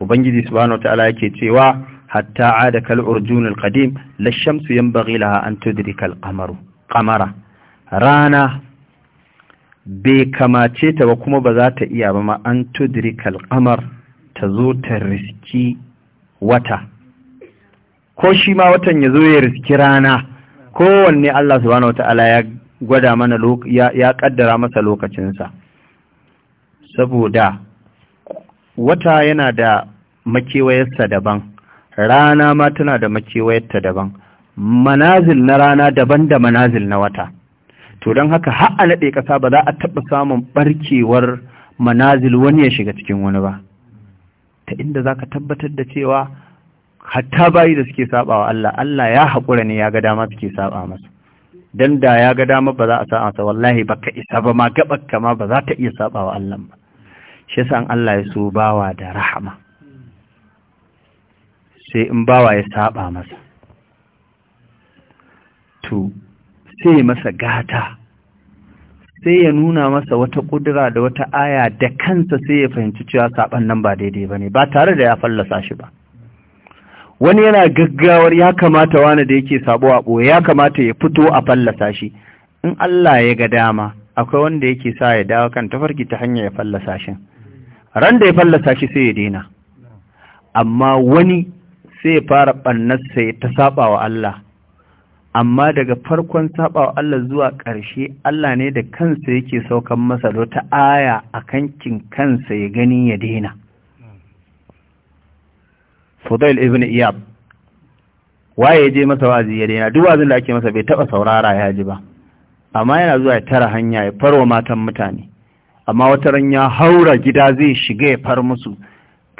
ubangiji subhanahu wataala yake cewa hatta ada kal urjun al-qadim lash-shamsu yanbaghi laha an tudrika al-qamaru rana bai kamace ta ba kuma ba za ta iya ba ma an tudrika al-qamar ta zo ta riski wata ko shi ma watan ya zo ya riski rana kowanne Allah subhanahu wata'ala ya gwada mana ya kaddara masa lokacinsa saboda wata yana da makewayarsa daban rana ma tana da makewayarta daban manazil na rana daban da manazil na wata to don haka har a naɗe ƙasa ba za a taɓa samun ɓarkewar manazil wani ya shiga cikin wani ba ta inda za ka tabbatar da cewa hatta bayi da suke wa Allah Allah ya haƙura ne ya ga dama suke saɓa masa dan da ya ga dama ba za a sa masa wallahi ka isa ba ma gabar ma ba za ta iya wa Allah ba shi yasa Allah ya so bawa da rahama sai in bawa ya saɓa masa to sai masa gata sai ya nuna masa wata ƙudura da wata aya da kansa sai ya fahimci cewa saɓan nan ba daidai ba ne ba tare da ya fallasa shi ba wani yana gaggawar ya kamata wani da yake sabo a ɓoye ya kamata ya fito a fallasa shi in Allah ya ga dama akwai wanda yake sa ya dawo kan tafarki ta hanyar ya fallasa shi ran da ya fallasa shi sai ya daina amma wani sai ya fara ɓannarsa ta saɓa wa Allah amma daga farkon saba Allah zuwa ƙarshe Allah ne da kansa yake saukan masa da aya a kankin kansa ya gani ya daina Fudail ibn Iyab waye ya je masa wazi ya daina duk wazin da ake masa bai taba saurara ya ji ba amma yana zuwa ya tara hanya ya farwa matan mutane amma wata ran ya haura gida zai shiga ya far musu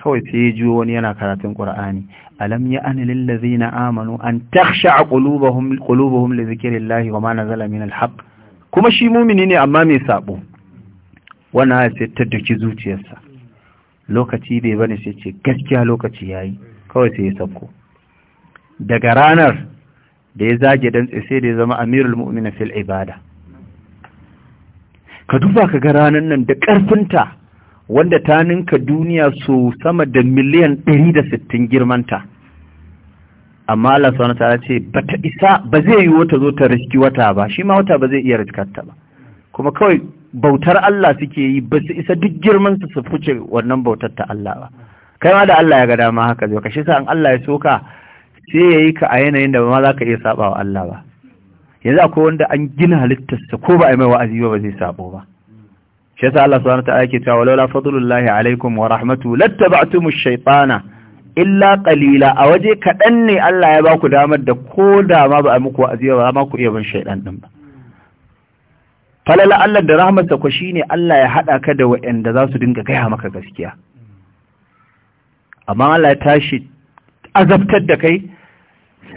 kawai sai ya jiwo wani yana karatun ƙur'ani. alam ya ani zai na amanu an taksha a ƙulubahun da zikirin lahi wa mana zala min al kuma shi mumini ne amma mai sabo wannan sai taddaki zuciyarsa lokaci bai bane sai ce gaskiya lokaci ya yi. kawai sai ya sauko daga ranar da ya zage dantse sai da ya zama amirul mu'mina fil ibada ka duba ka ga ranar nan da ƙarfinta wanda ta ninka duniya su sama da miliyan 160 girmanta amma Allah subhanahu ya ce ba ta isa ba zai yi wata zo ta riski wata ba shi ma wata ba zai iya riskarta ba kuma kawai bautar Allah suke yi ba su isa duk girman su su fice wannan bautar ta Allah ba kai ma da Allah ya ga dama haka zai kashi sa an Allah ya soka sai yayi ka a yanayin da ba ma za ka iya sabawa Allah ba yanzu akwai wanda an gina halittarsa ko ba a yi mai wa'azi ba ba zai sabo ba shi yasa Allah subhanahu wataala yake cewa walaula fadlullahi alaikum wa rahmatu lattaba'tumu ash-shaytana illa qalila a waje kadan ne Allah ya ba ku damar da ko da ma ba a muku aziya ba ma ku iya bin shaytan din ba falala Allah da rahmatsa ku shine Allah ya hada ka da waɗanda za su dinga gaya maka gaskiya amma Allah ya tashi azabtar da kai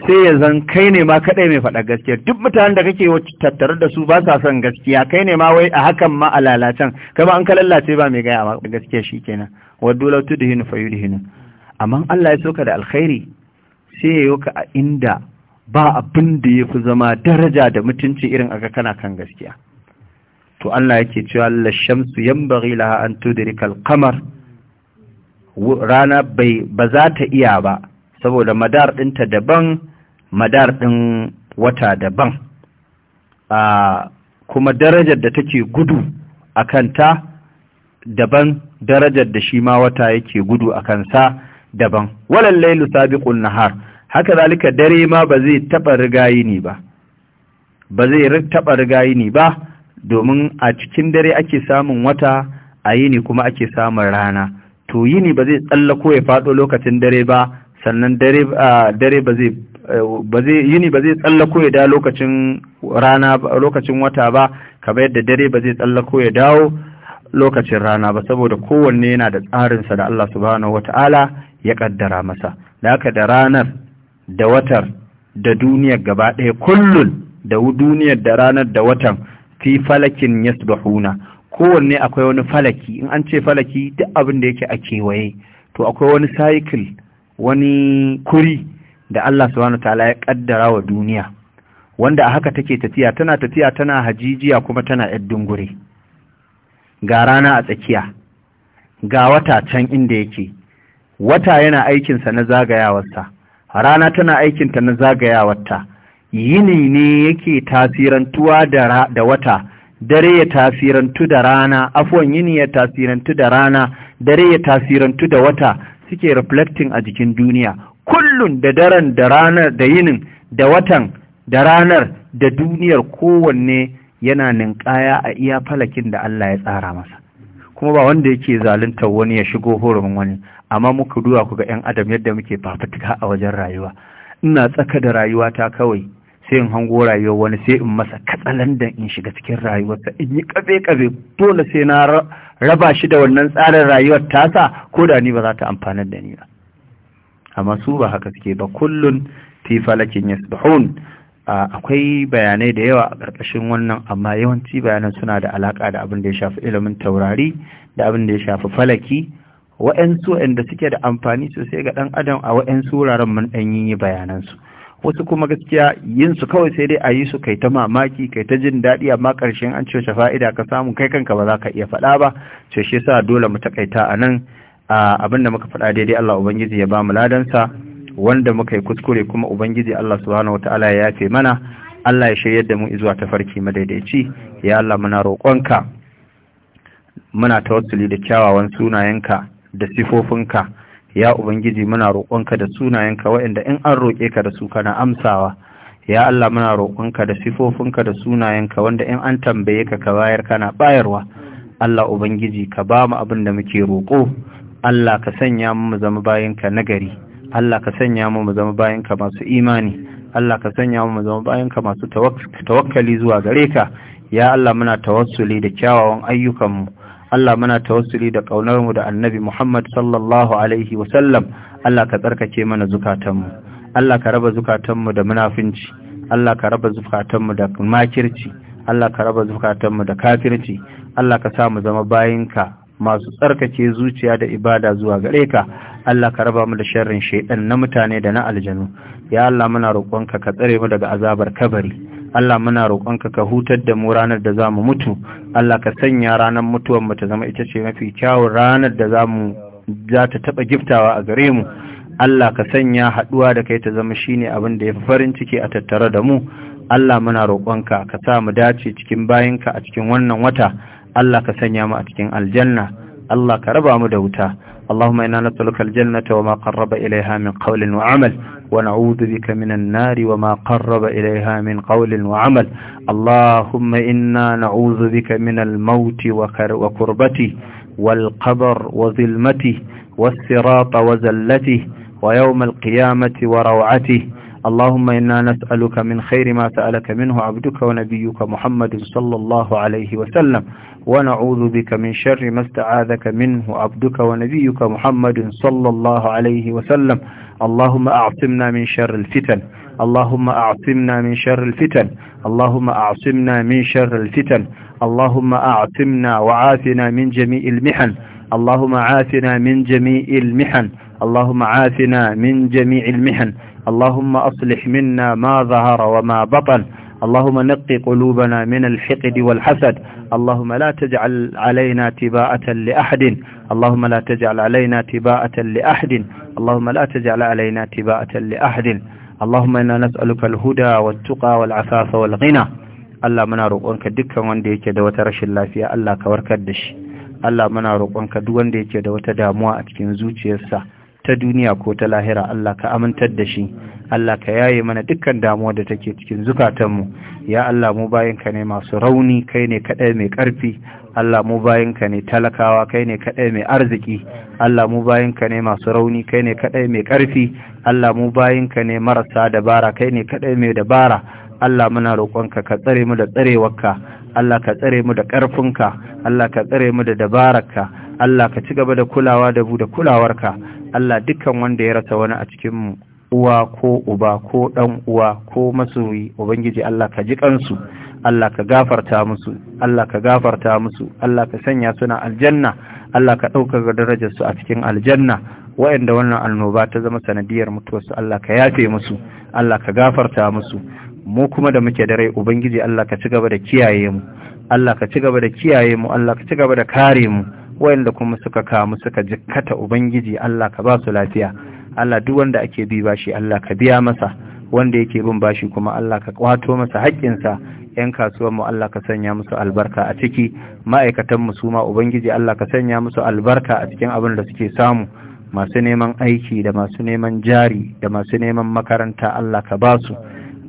sai ya zan kai ne ma kaɗai mai faɗa gaskiya duk mutanen da kake tattare da su ba sa son gaskiya kai ne ma wai a hakan ma a lalacen kama ma an ka ba mai gaya ma gaskiya shi shikenan hinu fayu da hinu amma Allah ya ka da alkhairi sai ya ka a inda ba abin da fi zama daraja da mutunci irin aga kana kan gaskiya to Allah yake cewa Allah shamsu yanbaghi laha an tudrika al-qamar rana bai ba za ta iya ba saboda madar ɗinta daban madar ɗin wata daban kuma darajar da take gudu a kanta daban darajar da shi ma wata yake gudu a kansa daban walal lailu sabiqun nahar haka zalika dare ma ba zai taɓa rigayi ni ba ba zai taɓa rigayi ni ba domin a cikin dare ake samun wata a yini kuma ake samun rana to yini ba zai tsallako ya faɗo lokacin dare ba sannan dare dare ba zai eh, ba zai yini ba zai tsallako ya da lokacin rana lokacin wata ba kamar yadda dare ba zai tsallako ya dawo lokacin rana ba saboda kowanne yana da tsarinsa da Allah subhanahu wata'ala ya kaddara masa da haka da ranar da watar da duniyar gaba ɗaya kullun da duniyar da ranar da watan fi falakin yasbahuna kowanne akwai wani falaki in an ce falaki duk abin da yake a kewaye to akwai wani cycle wani kuri da Allah subhanahu ta'ala ya kaddara wa duniya wanda a haka take tafiya tana tafiya tana hajijiya kuma tana yar dungure ga rana a tsakiya ga wata can inda yake wata yana aikinsa na zagayawarsa rana tana aikinta na zagayawarta yini ne yake tasirantuwa da, da wata dare ya tasirantu da rana afwan yini ya tasirantu da rana dare ya tasirantu da wata suke reflecting a jikin duniya kullun da daren da ranar da yinin da watan da ranar da duniyar kowanne yana ninkaya a iya falakin da Allah ya tsara masa kuma ba wanda yake zaluntar wani ya shigo horumin wani amma muka duwa kuga ga 'yan adam yadda muke fafutuka a wajen rayuwa ina tsaka da rayuwata kawai sai in hango rayuwar wani sai in masa katsalandan in shiga cikin rayuwarsa in yi kabe-kabe dole sai na raba shi da wannan tsarin rayuwar tasa ko da ni ba za ta amfana da ni ba amma su ba haka suke ba kullun fi falakin yasbahun akwai bayanai da yawa a ƙarƙashin wannan amma yawanci bayanan suna da alaka da abin da ya shafi ilimin taurari da abin da ya shafi falaki wa'ansu inda suke da amfani sosai ga ɗan adam a wa'yansu wuraren mun ɗan yi bayanansu wasu kuma gaskiya yin su kawai sai dai a yi su kai ta mamaki kai ta jin daɗi amma ƙarshen an cewa fa'ida ka samu kai kanka ba za ka iya faɗa ba ce shi sa dole mu taƙaita a nan abin da muka faɗa daidai Allah ubangiji ya ba mu ladansa wanda muka yi kuskure kuma ubangiji Allah subhanahu wataala ya yafe mana Allah ya shirya da mu zuwa tafarki madaidaici ya Allah muna roƙonka muna tawassuli da kyawawan sunayenka da sifofinka ya ubangiji muna roƙonka da sunayenka waɗanda in an roƙe ka da su kana amsawa ya Allah muna roƙonka da sifofinka da sunayenka wanda in an tambaye ka ka bayar kana bayarwa Allah ubangiji ka ba mu abin da muke roƙo Allah ka sanya mu mu zama bayinka nagari Allah ka sanya mu mu zama bayinka masu imani Allah ka sanya mu mu zama bayinka masu tawakkali zuwa gare ka ya Allah muna tawassuli da kyawawan ayyukanmu Allah muna tawassuli da mu da annabi Muhammad sallallahu Alaihi wa sallam. Allah ka tsarkake mana zukatan mu Allah ka raba zukatanmu da munafinci, Allah ka raba zukatanmu da makirci, Allah ka raba zukatanmu da kafirci, Allah ka sa mu zama bayinka masu tsarkake zuciya da ibada zuwa gare ka, Allah ka raba mu da sharrin shaidan na mutane da na aljanu, ya Allah muna roƙonka ka tsare mu daga azabar kabari. Allah muna roƙonka ka hutar da mu ranar da zamu mutu Allah ka sanya ranar mutuwar mu ta zama ita ce mafi kyawun ranar da zamu za ta taba giftawa a gare mu Allah ka sanya haɗuwa da kai ta zama shine abin da yafi farin ciki a tattare da mu Allah muna roƙonka ka sa mu dace cikin bayinka a cikin wannan wata Allah ka sanya mu a cikin aljanna Allah ka raba mu da wuta اللهم إنا نسألك الجنة وما قرب إليها من قول وعمل ونعوذ بك من النار وما قرب إليها من قول وعمل اللهم إنا نعوذ بك من الموت وكربته والقبر وظلمته والصراط وزلته ويوم القيامة وروعته اللهم إنا نسألك من خير ما سألك منه عبدك ونبيك محمد صلى الله عليه وسلم ونعوذ بك من شر ما استعاذك منه عبدك ونبيك محمد صلى الله عليه وسلم اللهم أعصمنا من شر الفتن اللهم أعصمنا من شر الفتن اللهم أعصمنا من شر الفتن اللهم أعصمنا وعافنا من جميع المحن اللهم عافنا من جميع المحن اللهم عافنا من جميع المحن اللهم أصلح منا ما ظهر وما بطن اللهم نقي قلوبنا من الحقد والحسد اللهم لا تجعل علينا تباءة لأحد اللهم لا تجعل علينا تباءة لأحد اللهم لا تجعل علينا تباءة لأحد اللهم إنا نسألك الهدى والتقى والعفاف والغنى Allah muna roƙonka dukkan wanda yake da wata rashin lafiya Allah ka warkar da shi Allah muna roƙonka duk wanda yake da wata damuwa a cikin zuciyarsa ta duniya ko ta lahira Allah ka amintar da shi Allah ka yaye mana dukkan damuwa da take cikin zukatanmu ya Allah mu bayinka ne masu rauni kai ne kaɗai mai ƙarfi Allah mu bayinka ne talakawa kai ne kaɗai mai arziki Allah mu bayinka ne masu rauni kai ne kaɗai mai ƙarfi Allah mu bayinka ne marasa dabara kai ne kaɗai mai dabara Allah muna roƙonka ka tsare mu da tsarewarka Allah ka tsare mu da ƙarfinka Allah ka tsare mu da dabararka Allah ka ci gaba da kulawa da bu da kulawarka Allah dukkan wanda ya rasa wani a cikinmu uwa ko uba ko ɗan uwa ko masoyi ubangiji Allah ka ji kansu Allah ka gafarta musu Allah ka gafarta musu Allah ka sanya suna aljanna Allah ka darajar darajarsu a cikin aljanna wa'anda wannan annoba ta zama sanadiyar mutuwar su, Allah ka yafe musu Allah ka gafarta musu mu kuma da muke da rai ubangiji Allah ka ci da kiyaye mu Allah ka ci da kiyaye mu Allah ka ci da kare mu wayanda kuma suka kamu suka jikkata ubangiji Allah ka ba su lafiya Allah duk wanda ake bi bashi Allah ka biya masa wanda yake bin bashi kuma Allah ka kwato masa haƙƙinsa ‘yan kasuwar mu Allah ka sanya musu albarka a ciki ma'aikatan mu suma ubangiji Allah ka sanya musu albarka a cikin abin da suke samu masu neman aiki da masu neman jari da masu neman makaranta Allah ka ba su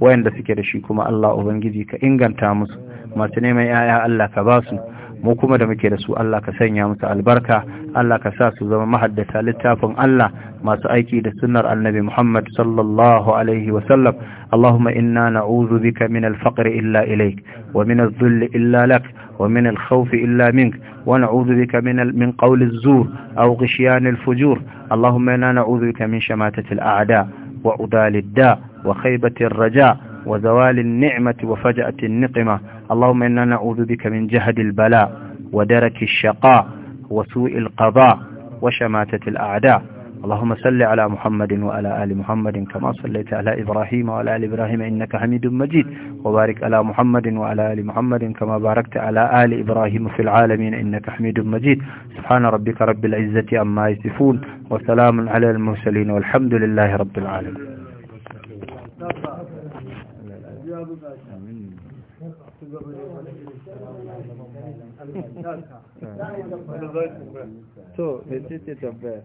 wayanda suke da shi kuma Allah ubangiji ka inganta musu masu neman ‘ya'ya Allah ka ba su mu kuma da muke da su Allah ka sanya musu albarka Allah ka sa su zama mahaddata littafin Allah masu aiki da sunnar annabi Muhammad sallallahu alaihi wa sallam Allahumma inna na'udhu bika min al-faqr illa ilayk wa min adh-dhull illa lak wa min al-khawf illa mink wa na'udhu bika min min qawl az-zur aw ghishyan al-fujur Allahumma inna na'udhu bika min shamatat al-a'da wa udal ad-da wa khaybat ar-raja وزوال النعمة وفجأة النقمة اللهم إنا نعوذ بك من جهد البلاء ودرك الشقاء وسوء القضاء وشماتة الأعداء اللهم صل على محمد وعلى آل محمد كما صليت على إبراهيم وعلى آل إبراهيم إنك حميد مجيد وبارك على محمد وعلى آل محمد كما باركت على آل إبراهيم في العالمين إنك حميد مجيد سبحان ربك رب العزة عما يصفون وسلام على المرسلين والحمد لله رب العالمين to mai tambaya